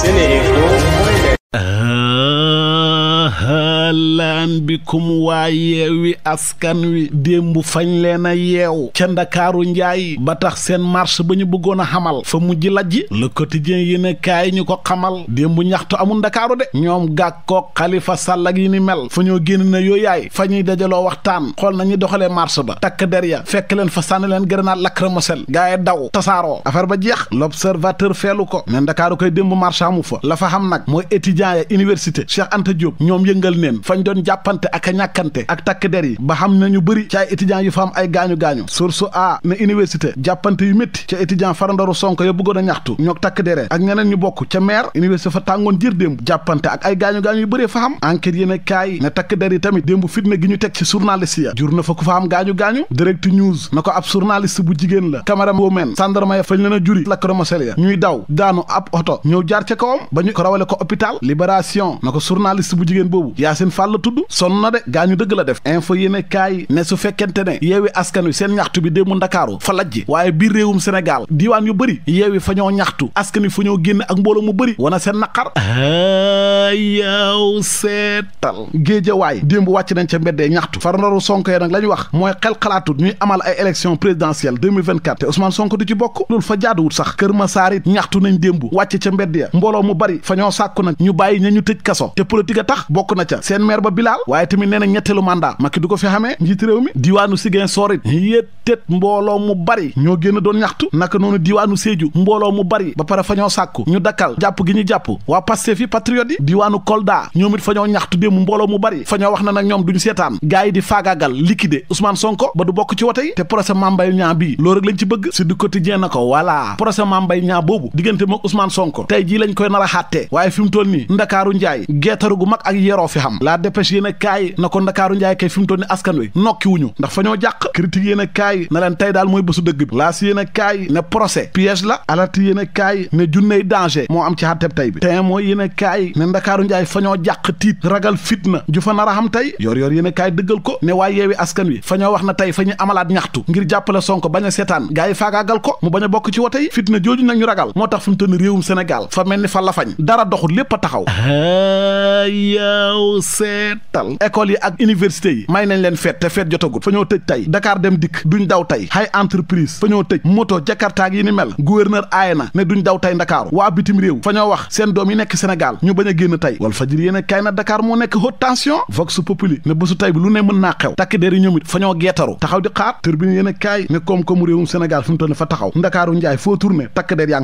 seneinfo.net laan bikum waa yeewi askan wi démb fañ leen a yeew ca ndakaaru njaay ba tax seen marche ba ñu bëggoon a xamal fa mujj lajj le quotidien yéen kaay ñu ko xamal démb ñaxtu amul ndakaaru de ñoom gàkkoog xalifa sàll ak yi ni mel fa ñoo génn na yooyaay fa ñuy dajaloo waxtaan xool na nañu doxalee marche ba takk der ya fekk leen fa sànni leen lakk lacrymogène gaa yi daw tasaaroo affaire ba jeex l'observateur feelu ko ne ndakaaru koy démb marche amu fa la fa xam nag mooy étudiant ya université Cheikh Anta Diop ñoom yëngal doon jàppante ak a ñàkkante ak takk der yi ba xam na ñu bëri ci ay étudiants yu fa am ay gaañu-gaañu source a ne université jàppante yu métti ca étudiant farandaru sonko ya bëggoon a ñaxtu ñook takk dere ak ñeneen ñu bokk ca maire université fa tàngoon jir démb jàppante ak ay gaañu-gaañu yu bëree fa xam enquête yéen a kaay ne takk der yi tamit démb fitna gi ñu teg ci journaliste ya jur na fa ku fa am gaañu-gaañu direct news na ko ab journaliste bu jigéen la camara women sandarma ya fañ leen a juri lacrymogène ya ñuy daw daanu ab oto ñëw ba ko rawale ko hôpital libération na ko journaliste bu jigéen boobu yaa seen la tudd sonn na de gaañu dëgg la def info yéene kaay ne su fekkente ne yeewi askan wi seen ñaxtu bi démb ndakaaru fa lajji waaye biir yu bëri yeewi fa ñoo ñaxtu askan wi fa ñoo génn ak mbooloo mu bëri wana seen naqar ah, yaw seetal géejawaay démb wàcc nañ ca mbeddee ñaxtu far ndaru Sonko ya nag la wax mooy xel xalaatut ñuy amal ay élection présidentielle 2024 te Ousmane Sonko du ci bokk loolu fa jaaduwut sax Kër Masaar it ñaxtu nañ démb wàcc ca mbedd ya mbooloo mu bëri fa ñoo sàkku nag ñu bàyyi ña tëj kaso te politique a tax bokk na ca seen maire ba Bilal waaye tamit nee na ñetteelu mandat Macky du ko fi xamee njiit réew mi diiwaanu Ziguinchor it yéttet mbooloo mu bari ñoo génn doon ñaxtu naka noonu diiwaanu Sédhiou mbooloo mu bari ba pare fa ñoo sàkku ñu dakkal jàpp gi ñu jàpp waa Pastef fi patriote yi diiwaanu Kolda ñoom it fa ñaxtu démb mbooloo mu bari fa wax na nag ñoom duñu seetaan gars yi di faagaagal liquider Ousmane Sonko ba du bokk ci wote yi te procès Mame Mbaye Niang bii loolu rek lañ ci bëgg na ko voilà procès Mame mu toll nii Ndakaaru njaay geetaru gu mag ak dépêche yéen a kaay na ko ndakaaru njaay kay fi mu toll ni askan wi nokki wuñu ndax fa ñoo jàq critique yéen kaay na leen tey daal mooy bésu dëgg bi laas yéen a kaay ne procès piège la alerte yéen a kaay ne junney danger moo am ci xatteb tey bi tey mooy yéen a kaay ne ndakaaru njaay fa ñoo jàq tiit ragal fitna ju fa nar a xam tey yor yor yéen a kaay dëggal ko ne waa yeewi askan wi fa wax na tey fa amalaat ñaxtu ngir jàppale sonko bañ a seetaan gaa faagaagal ko a bokk ci wote yi fitna seetal école yi ak université yi may nañ leen feet te feet jotagut fa ñoo tëj tey Dakar dem dikk duñ daw tey hay entreprise fa ñoo tëj moto jakartaak yi ni mel gouverneur aaye na ne duñ daw tey ndakaaru waa bitim réew fa ñoo wax seen doom yi nekk Sénégal ñu bañ a génn tey wal fajir yéen a kay na Dakar moo nekk haute tension vox populi ne bésu tey bi lu ne mën naa xew takk der yi ñoom it fa ñoo geetaru taxaw di xaar turbine yéen a ne koom-koomu réewum fi mu toll ne fa taxaw ndakaaru njaay foo tourné takk der yaa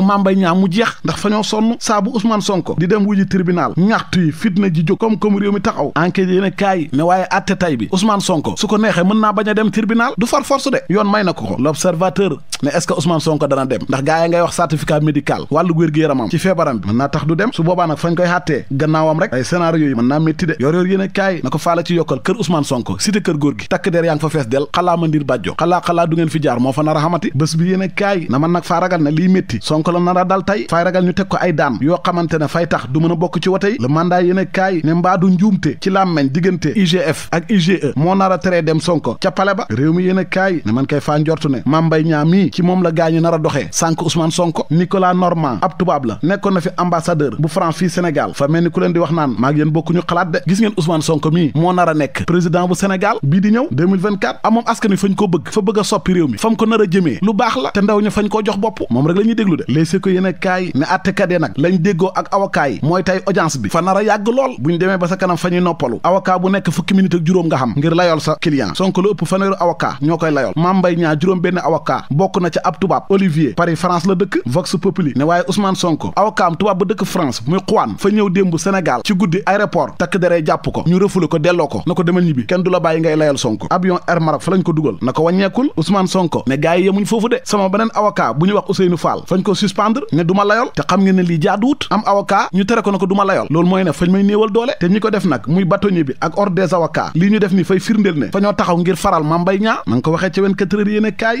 ngi fa ndax fa ñoo sonn saa bu Sonko di dem wuji tribunal ñaxtu yi fitna ji jóg comme comme réew mi taxaw enquête yéen kaay ne waaye atte tay bi Ousmane Sonko su ko neexee mën naa bañ a dem tribunal du far force de yoon may na ko ko l'observateur ne est-ce que Sonko dana dem ndax gaa yi ngay wax certificat médical wàllu wér-gu-yaramam ci feebaram bi mën naa tax du dem su boobaa nag fañ koy xàttee gannaawam rek ay scénario yi mën naa métti de yor na ko faala ci yokkal kër Ousmane Sonko cité kër góor gi takk der yaa ngi fa fees del xalaa ma ndir bàjjo xalaa a na man nag faa ragal ne liy ragal ñu teg ko ay daan yoo xamante ne fay tax du mën a bokk ci wote yi le mandat yéen kaay ne mbaadu njuumte ci làmmeñ diggante IGF ak IGE moo nar a teree dem Sonko ca pale ba réew mi yéen kaay ne man kay faa njortu ne Mame Mbaye Niang mii ci moom la gaañu nar a doxee sànk Ousmane Sonko Nicolas Normand ab tubaab la nekkoon na fi ambassadeur bu France fii Sénégal fa mel ni ku leen di wax naan maa ngi bokkuñu xalaat de gis ngeen Ousmane Sonko mii moo a nekk a soppi réew ne attekat ya nag lañ déggoo ak avocat yi mooy tey audience bi fa nar a yàgg lool bu ñu demee ba sa kanam fa noppalu avocat bu nekk fukki minute ak juróom nga xam ngir layool sa client Sonko lu ëpp fanweeru avocat ñoo koy layool Mame Mbaye Niang juróom benn avocat bokk na ca ab tubaab Olivier Paris France la dëkk Vox Populi ne waaye Ousmane Sonko avocat am tubaab ba dëkk France muy xuwaan fa ñëw démb Sénégal ci guddi aéroport takk deree jàpp ko ñu rëfule ko delloo ko na ko demal ñibbi kenn du bàyyi ngay layal Sonko avion Air Maroc fa lañ ko ne gaay yi foofu de sama beneen avocat bu ñu wax Ousseynou Fall fañ ko suspendre ne te xam ngeen ne lii jaaduwut am avocat ñu tere ko na ko du ma layol loolu mooy ne fañ may néewal doole te ñi ko def nag muy bâtonnier bi ak ordre des lii ñu def ni fay firndeel ne fañoo taxaw ngir faral Mame Mbaye Niang na nga ko waxee ci 24 heures yéene kaay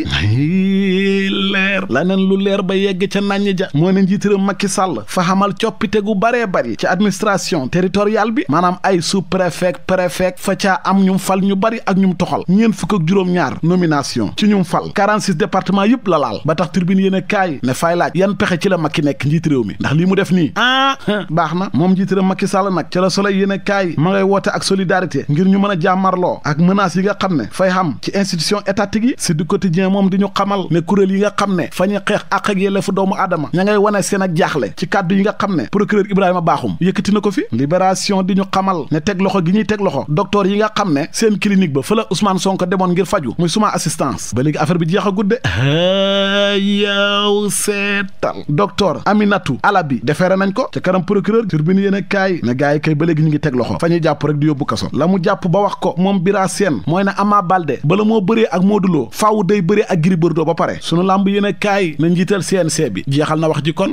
leer laneen lu leer ba yegg ca nàññ ja moo ne njiitaram Macky Sall fa xamal coppite gu baree bari ci administration territoriale bi maanaam ay sous préfet préfet fa caa am ñum fal ñu bari ak ñum toxal ñeen fukk ak juróom-ñaar nomination ci ñum fal 46 département la laal ba tax tribune yéen a kaay ne fay laaj yan pexe ci la Macky nekk njiit réew mi ndax lii mu def nii ah baax na moom njiitaram Macky Sall nag ca la Soleil yéen a kaay ma ngay woote ak solidarité ngir a jàmmarloo ak menaces yi nga xam ne fa ñuy xeex àq ak yelleefu doomu aadama ña ngay wane seen ak jaaxle ci kàddu yi nga xam ne procureur Ibrahima Bakhoum yëkkati na ko fi libération di ñu xamal ne teg loxo gi ñuy teg loxo docteur yi nga xam ne seen clinique ba fa la Ousmane Sonko demoon ngir faju muy suma assistance ba léegi affaire bi jeexagut de yow seetal docteur ala bi defeere nañ ko ca kanam procureur turbine yéen a kaay na gars yi kay ba léegi ñu ngi teg loxo fa ñuy jàpp rek yóbbu kaso la mu jàpp ba wax ko moom bira seen mooy ne Ama Balde bala moo bëree ak Modou Lo faaw day bëree ak Gris ba pare sunu làmb yéen a kaay na njiital CNC bi jeexal na wax ji kon.